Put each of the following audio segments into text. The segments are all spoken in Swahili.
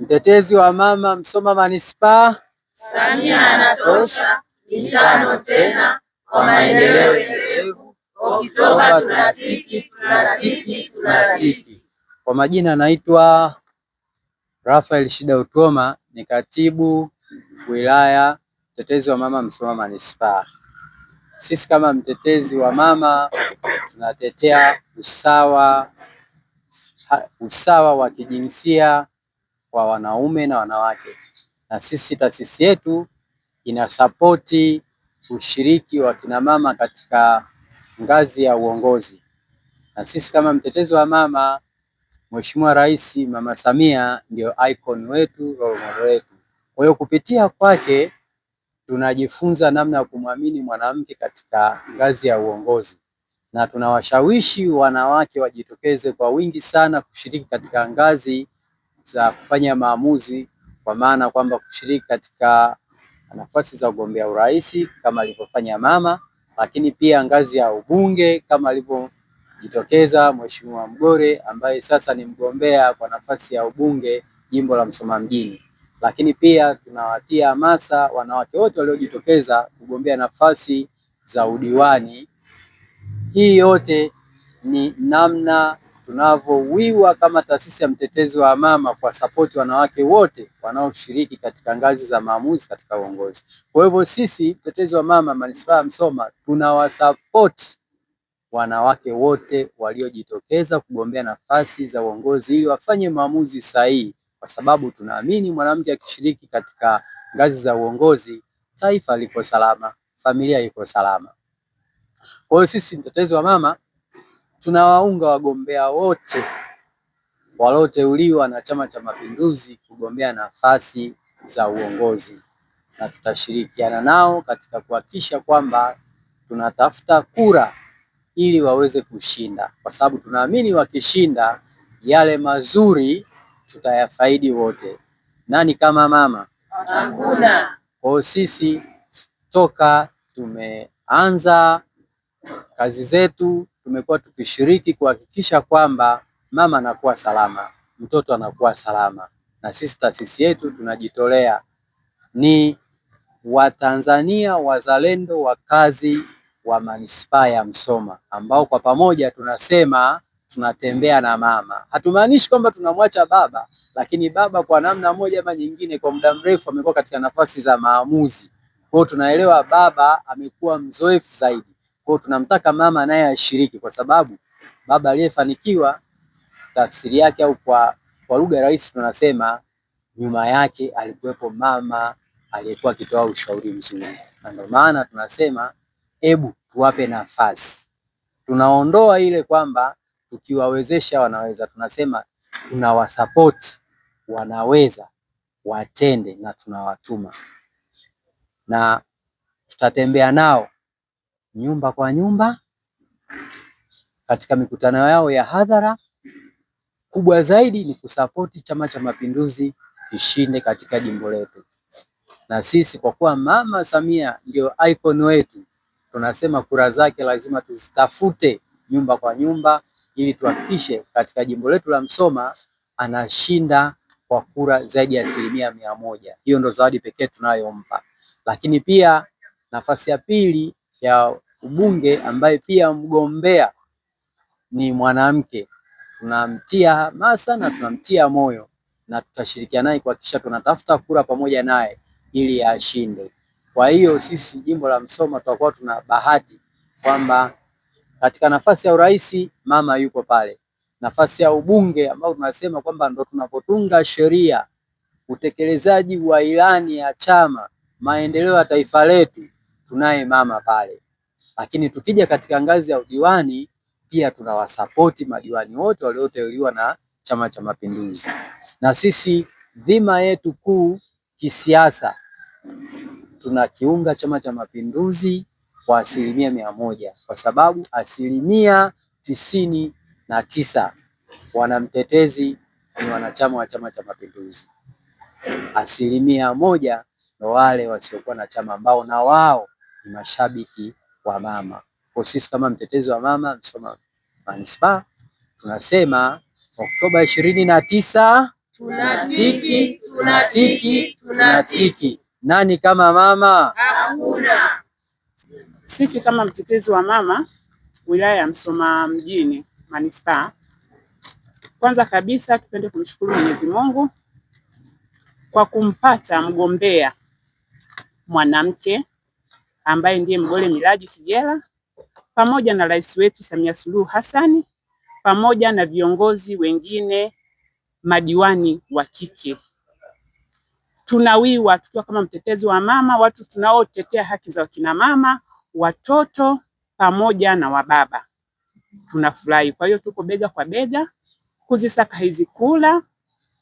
Mtetezi wa mama Msoma manispaa, Samia anatosha, mitano tena kwa maendeleo endelevu. Oktoba tunatiki, tunatiki, tunatiki. Kwa majina naitwa Rafael Shida Utoma, ni katibu wilaya mtetezi wa mama Msoma manispaa. Sisi kama mtetezi wa mama tunatetea usawa, usawa wa kijinsia kwa wanaume na wanawake, na sisi taasisi yetu inasapoti ushiriki wa kina mama katika ngazi ya uongozi, na sisi kama mtetezi wa mama, Mheshimiwa Rais Mama Samia ndio icon wetu, role model wetu. Kwa hiyo kupitia kwake tunajifunza namna ya kumwamini mwanamke katika ngazi ya uongozi, na tunawashawishi wanawake wajitokeze kwa wingi sana kushiriki katika ngazi za kufanya maamuzi, kwa maana kwamba kushiriki katika nafasi za ugombea urais kama alivyofanya mama, lakini pia ngazi ya ubunge kama alivyojitokeza Mheshimiwa Mgore ambaye sasa ni mgombea kwa nafasi ya ubunge jimbo la Msoma mjini. Lakini pia tunawatia hamasa wanawake wote waliojitokeza kugombea nafasi za udiwani. Hii yote ni namna tunavyowiwa kama taasisi ya mtetezi wa mama kwa sapoti wanawake wote wanaoshiriki katika ngazi za maamuzi katika uongozi. Kwa hivyo sisi mtetezi wa mama manispaa ya Msoma tunawasapoti wanawake wote waliojitokeza kugombea nafasi za uongozi ili wafanye maamuzi sahihi, kwa sababu tunaamini mwanamke akishiriki katika ngazi za uongozi, taifa liko salama, familia iko salama. Kwa hiyo sisi mtetezi wa mama Tunawaunga wagombea wote walioteuliwa na Chama cha Mapinduzi kugombea nafasi za uongozi na tutashirikiana nao katika kuhakikisha kwamba tunatafuta kura ili waweze kushinda, kwa sababu tunaamini wakishinda, yale mazuri tutayafaidi wote. Nani kama mama? Hakuna. Kwa sisi toka tumeanza kazi zetu tumekuwa tukishiriki kuhakikisha kwamba mama anakuwa salama, mtoto anakuwa salama, na sisi taasisi yetu tunajitolea ni Watanzania wazalendo wakazi wa manispaa ya Msoma ambao kwa pamoja tunasema tunatembea na mama. Hatumaanishi kwamba tunamwacha baba, lakini baba kwa namna moja ama nyingine kwa muda mrefu amekuwa katika nafasi za maamuzi. Kwa hiyo tunaelewa baba amekuwa mzoefu zaidi, kwa hiyo tunamtaka mama naye ashiriki, kwa sababu baba aliyefanikiwa, tafsiri yake au kwa, kwa lugha rahisi tunasema nyuma yake alikuwepo mama aliyekuwa akitoa ushauri mzuri, na ndio maana tunasema hebu tuwape nafasi. Tunaondoa ile kwamba tukiwawezesha wanaweza, tunasema tunawasapoti wanaweza watende, na tunawatuma na tutatembea nao nyumba kwa nyumba, katika mikutano yao ya hadhara. Kubwa zaidi ni kusapoti Chama cha Mapinduzi kishinde katika jimbo letu, na sisi kwa kuwa Mama Samia ndio icon wetu, tunasema kura zake lazima tuzitafute nyumba kwa nyumba, ili tuhakikishe katika jimbo letu la Msoma anashinda kwa kura zaidi ya asilimia mia moja. Hiyo ndo zawadi pekee tunayompa, lakini pia nafasi ya pili ya ubunge ambaye pia mgombea ni mwanamke. Tunamtia hamasa na tunamtia moyo na tutashirikiana naye kuhakikisha tunatafuta kura pamoja naye ili ashinde. Kwa hiyo sisi jimbo la Msoma tutakuwa tuna bahati kwamba katika nafasi ya urais mama yuko pale, nafasi ya ubunge ambao tunasema kwamba ndo tunapotunga sheria, utekelezaji wa ilani ya chama, maendeleo ya taifa letu tunaye mama pale. Lakini tukija katika ngazi ya udiwani pia tunawasapoti madiwani wote walioteuliwa na Chama cha Mapinduzi. Na sisi dhima yetu kuu kisiasa tunakiunga Chama cha Mapinduzi kwa asilimia mia moja kwa sababu asilimia tisini na tisa wanamtetezi ni wanachama wa Chama cha Mapinduzi. Asilimia moja ndo wale wasiokuwa na chama ambao na wao ni mashabiki wa mama. Kwa sisi kama mtetezi wa mama Msoma manispaa tunasema Oktoba ishirini na tisa tunatiki, tunatiki, tunatiki. Nani kama mama? Hakuna. Sisi kama mtetezi wa mama wilaya ya Msoma mjini manispaa, kwanza kabisa tupende kumshukuru Mwenyezi Mungu kwa kumpata mgombea mwanamke ambaye ndiye Mgole Miraji Figela pamoja na rais wetu Samia Suluhu Hassan pamoja na viongozi wengine madiwani wa kike. Tunawiwa tukiwa kama mtetezi wa mama, watu tunaotetea haki za wakina mama, watoto pamoja na wababa. Tunafurahi. Kwa hiyo tuko bega kwa bega kuzisaka hizi kula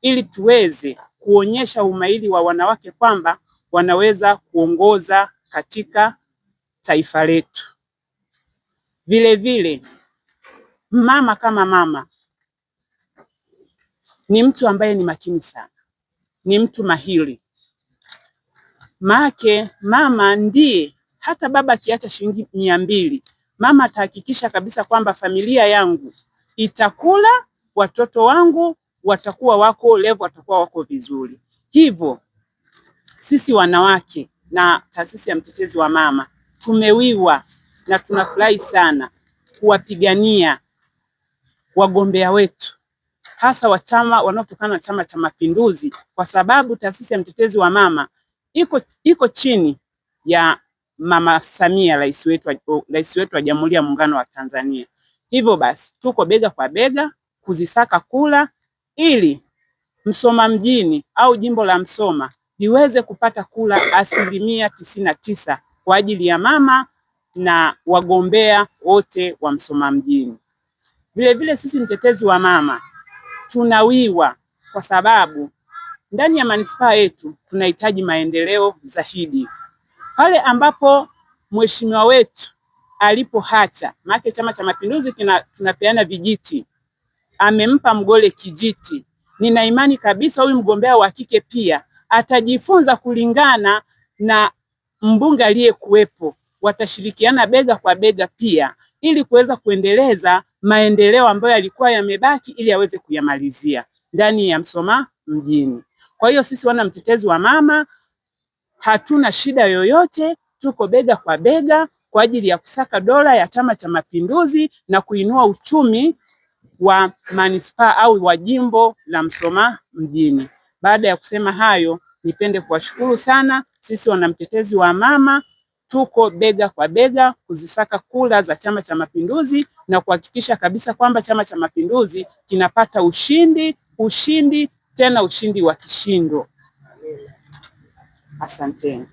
ili tuweze kuonyesha umahiri wa wanawake kwamba wanaweza kuongoza katika taifa letu. Vilevile mama kama mama ni mtu ambaye ni makini sana, ni mtu mahiri make mama ndiye hata baba akiacha shilingi mia mbili mama atahakikisha kabisa kwamba familia yangu itakula, watoto wangu watakuwa wako levo, watakuwa wako vizuri. Hivyo sisi wanawake na taasisi ya mtetezi wa mama tumewiwa na tunafurahi sana kuwapigania wagombea wetu hasa wa chama wanaotokana na Chama cha Mapinduzi, kwa sababu taasisi ya mtetezi wa mama iko, iko chini ya Mama Samia rais wetu, rais wetu wa Jamhuri ya Muungano wa Tanzania. Hivyo basi tuko bega kwa bega kuzisaka kula ili Msoma mjini au jimbo la Msoma liweze kupata kula asilimia tisini na tisa kwa ajili ya mama na wagombea wote wa Msoma mjini. Vilevile sisi mtetezi wa mama tunawiwa kwa sababu ndani ya manispaa yetu tunahitaji maendeleo zaidi, pale ambapo mheshimiwa wetu alipohacha, maake Chama cha Mapinduzi tunapeana vijiti, amempa Mgole kijiti. Nina imani kabisa huyu mgombea wa kike pia atajifunza kulingana na mbunge aliyekuwepo. Watashirikiana bega kwa bega pia ili kuweza kuendeleza maendeleo ambayo yalikuwa yamebaki ili aweze kuyamalizia ndani ya Msoma mjini. Kwa hiyo sisi wana mtetezi wa mama hatuna shida yoyote, tuko bega kwa bega kwa ajili ya kusaka dola ya Chama cha Mapinduzi na kuinua uchumi wa manispaa au wa jimbo la Msoma mjini. Baada ya kusema hayo, nipende kuwashukuru sana. Sisi wanamtetezi wa mama tuko bega kwa bega kuzisaka kura za Chama cha Mapinduzi na kuhakikisha kabisa kwamba Chama cha Mapinduzi kinapata ushindi, ushindi tena ushindi wa kishindo. Asanteni.